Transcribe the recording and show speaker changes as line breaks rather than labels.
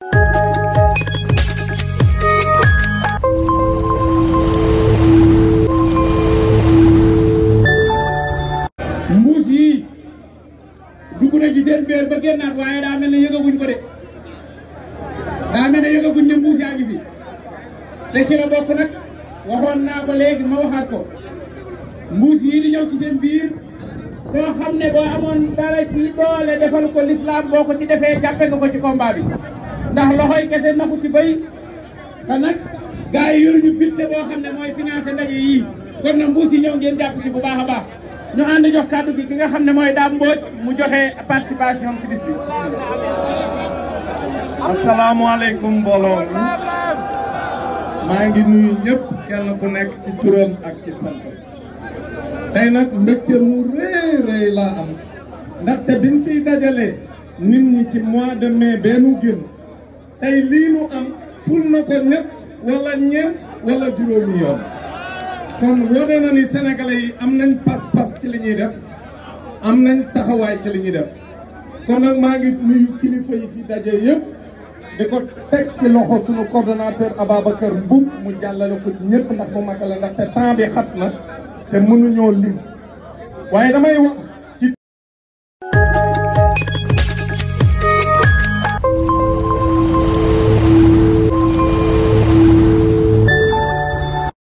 mbuus yi dugg na seen biir ba génnaat waaye daa mel ne yëgaguñ ko de daa mel ne yëgaguñ ne mbuus yaa ngi fi te ci la bokk nag waxoon naa ko léegi ma waxaat ko mbuus yi di ñëw ci seen biir xam ne boo amoon dara ci doole defal ko lislaam boo ko ci defee jàppe nga ko ci combat bi ndax loxoy kese naku ci béy te nag gars yi yoruñu budget boo xam ne mooy financé ndaje yii kon na mbuus yi ñëw ngeen jàpp ci bu baax a baax ñu ànd jox kàddu bi bi nga xam ne mooy Dame Mbodj mu joxe participation ci bis bi
asalaamaaleykum mbooloo maa ngi nuyu yépp kenn ku nekk ci turam ak ci sant tey nag mbégte mu rëy rëy
laa am ndaxte biñ fiy dajale nit ñi ci mois de mai bennu génn tey lii nu am ful na ko ñett wala ñeent wala juróomi yoon kon wone na ni sénégalais yi am nañ pas-pas ci li ñuy def am nañ taxawaay ci li ñuy def kon nag maa ngi nuyu kilifa yi fi daje yëpp di ko teg ci loxo suñu coordonnateur Ababacar Mboub mu jàllale ko ci ñëpp ndax bu mag la ndaxte temps bi xat na te mënuñoo lim waaye damay wax.